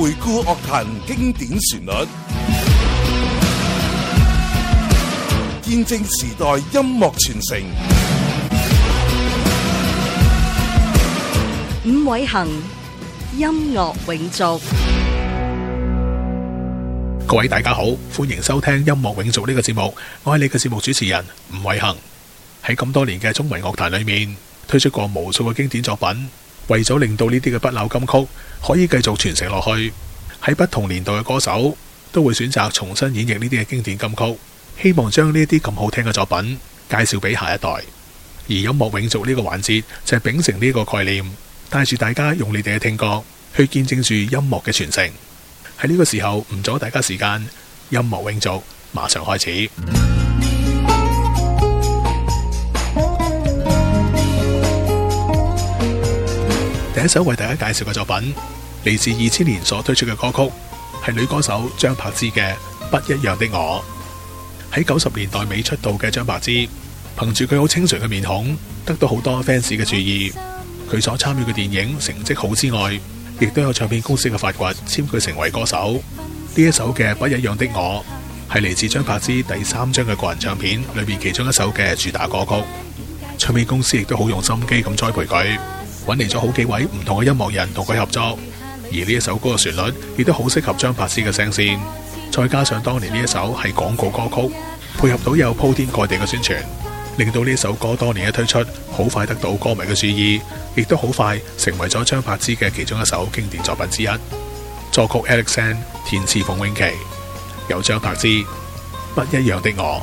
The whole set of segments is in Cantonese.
回顧樂壇經典旋律，見證時代音樂傳承。伍偉恆，音樂永續。各位大家好，歡迎收聽《音樂永續》呢個節目，我係你嘅節目主持人伍偉恆。喺咁多年嘅中文樂壇裏面，推出過無數嘅經典作品。為咗令到呢啲嘅不朽金曲可以繼續傳承落去，喺不同年代嘅歌手都會選擇重新演繹呢啲嘅經典金曲，希望將呢啲咁好聽嘅作品介紹俾下一代。而音樂永續呢個環節就係秉承呢個概念，帶住大家用你哋嘅聽覺去見證住音樂嘅傳承。喺呢個時候唔阻大家時間，音樂永續馬上開始。嗯第一首為大家介紹嘅作品，嚟自二千年所推出嘅歌曲，係女歌手張柏芝嘅《不一樣的我》。喺九十年代尾出道嘅張柏芝，憑住佢好清純嘅面孔，得到好多 fans 嘅注意。佢所參與嘅電影成績好之外，亦都有唱片公司嘅發掘，簽佢成為歌手。呢一首嘅《不一樣的我》，係嚟自張柏芝第三張嘅個人唱片裏面其中一首嘅主打歌曲。唱片公司亦都好用心機咁栽培佢。搵嚟咗好幾位唔同嘅音樂人同佢合作，而呢一首歌嘅旋律亦都好適合張柏芝嘅聲線，再加上當年呢一首係廣告歌曲，配合到有鋪天蓋地嘅宣傳，令到呢首歌當年一推出，好快得到歌迷嘅注意，亦都好快成為咗張柏芝嘅其中一首經典作品之一。作曲 Alexand，填詞馮詠琪，有張柏芝，不一樣的我。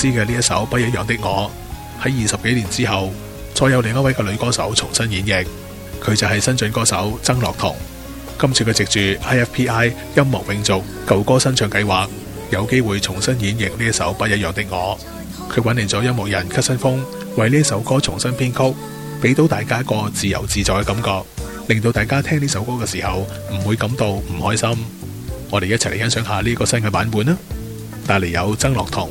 知嘅呢一首《不一樣的我》，喺二十幾年之後，再有另一位嘅女歌手重新演繹，佢就係新晉歌手曾樂彤。今次佢藉住 IFPI 音樂永續舊歌新唱計劃，有機會重新演繹呢一首《不一樣的我》。佢搵掂咗音樂人吉新風為呢首歌重新編曲，俾到大家一個自由自在嘅感覺，令到大家聽呢首歌嘅時候唔會感到唔開心。我哋一齊嚟欣賞下呢個新嘅版本啦！帶嚟有曾樂彤。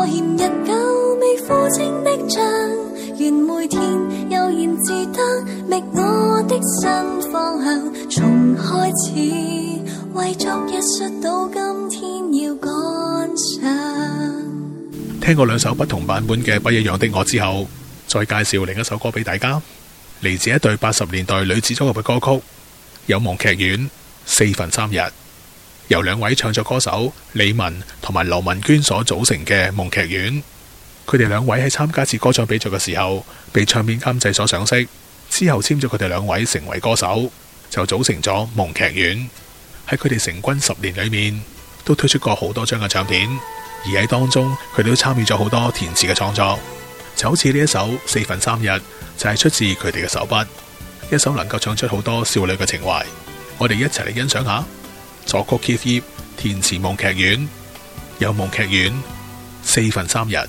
我嫌日久未付清的賬，願每天悠然自得覓我的新方向。從開始為昨日摔倒，今天要趕上。聽過兩首不同版本嘅不一樣的我之後，再介紹另一首歌俾大家，嚟自一對八十年代女子組合嘅歌曲《有夢劇院》四分三日。由兩位唱作歌手李文同埋劉文娟所組成嘅夢劇院，佢哋兩位喺參加次歌唱比賽嘅時候，被唱片監製所賞識，之後簽咗佢哋兩位成為歌手，就組成咗夢劇院。喺佢哋成軍十年裏面，都推出過好多張嘅唱片，而喺當中，佢哋都參與咗好多填詞嘅創作，就好似呢一首《四分三日》，就係出自佢哋嘅手筆。一首能夠唱出好多少女嘅情懷，我哋一齊嚟欣賞下。作曲揭葉，填詞夢劇院，有夢劇院四分三日。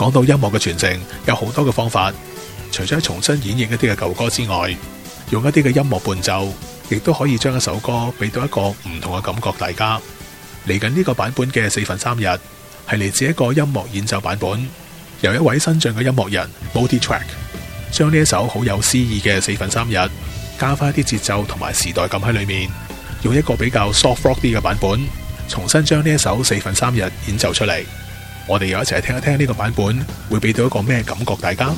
講到音樂嘅傳承，有好多嘅方法。除咗重新演繹一啲嘅舊歌之外，用一啲嘅音樂伴奏，亦都可以將一首歌俾到一個唔同嘅感覺。大家嚟緊呢個版本嘅四分三日，係嚟自一個音樂演奏版本，由一位新晉嘅音樂人 Moody Track 將呢一首好有詩意嘅四分三日，加翻一啲節奏同埋時代感喺裏面，用一個比較 soft rock 啲嘅版本，重新將呢一首四分三日演奏出嚟。我哋又一齊聽一聽呢個版本會俾到一個咩感覺，大家。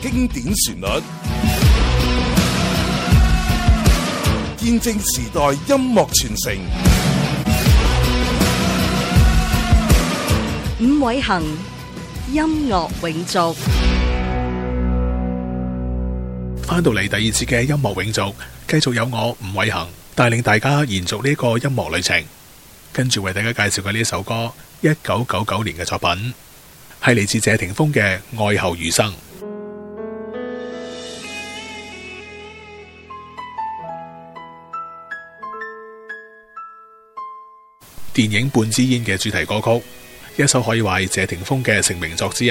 經典旋律，見證時代音樂傳承。伍偉恆音樂永續，翻到嚟第二次嘅音樂永續，繼續有我伍偉恆帶領大家延續呢個音樂旅程。跟住為大家介紹嘅呢首歌，一九九九年嘅作品，係嚟自謝霆鋒嘅《愛後餘生》。電影《半支煙》嘅主題歌曲，一首可以話係謝霆鋒嘅成名作之一。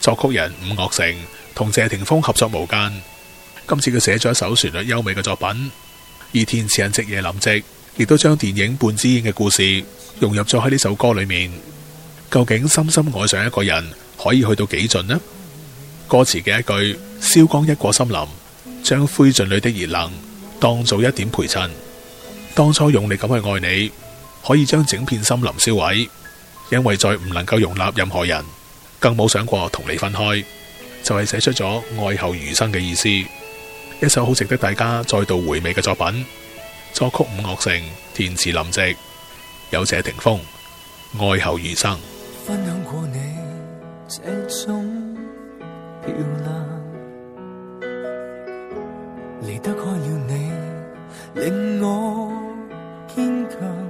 作曲人伍樂城同謝霆鋒合作無間，今次佢寫咗一首旋律優美嘅作品。而填詞人即係林夕亦都將電影《半支煙》嘅故事融入咗喺呢首歌裏面。究竟深深愛上一個人可以去到幾盡呢？歌詞嘅一句“燒光一個森林”，將灰燼裏的熱能當做一點陪襯，當初用力咁去愛你。可以將整片森林燒毀，因為再唔能夠容納任何人，更冇想過同你分開，就係、是、寫出咗愛後餘生嘅意思，一首好值得大家再度回味嘅作品。作曲伍樂城，填詞林夕，有謝霆鋒，愛後餘生。分享過你這種漂亮，離得開了你，令我堅強，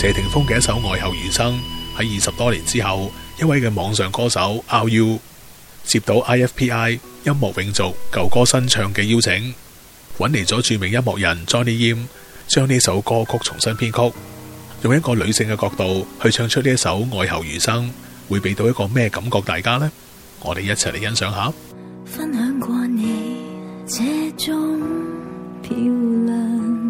謝霆鋒嘅一首《愛後餘生》，喺二十多年之後，一位嘅網上歌手阿 U 接到 IFPI 音樂永續舊歌新唱嘅邀請，搵嚟咗著名音樂人 Johnny Yim 將呢首歌曲重新編曲，用一個女性嘅角度去唱出呢一首《愛後餘生》，會俾到一個咩感覺？大家呢，我哋一齊嚟欣賞下。分享過你這種漂亮。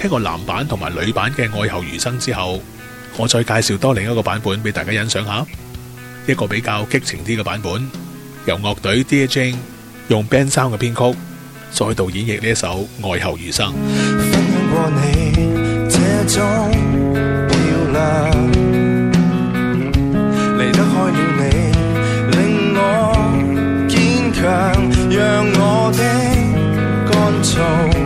聽過男版同埋女版嘅《愛後餘生》之後，我再介紹多另一個版本俾大家欣賞下，一個比較激情啲嘅版本，由樂隊 DJ 用 Band 三嘅編曲再度演繹呢一首《愛後餘生》。分享過你這種漂亮，離得開了你，令我堅強，讓我的乾燥。